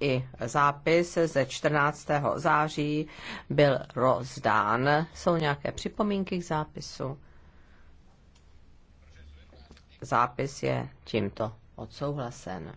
i zápis ze 14. září byl rozdán. Jsou nějaké připomínky k zápisu? Zápis je tímto odsouhlasen.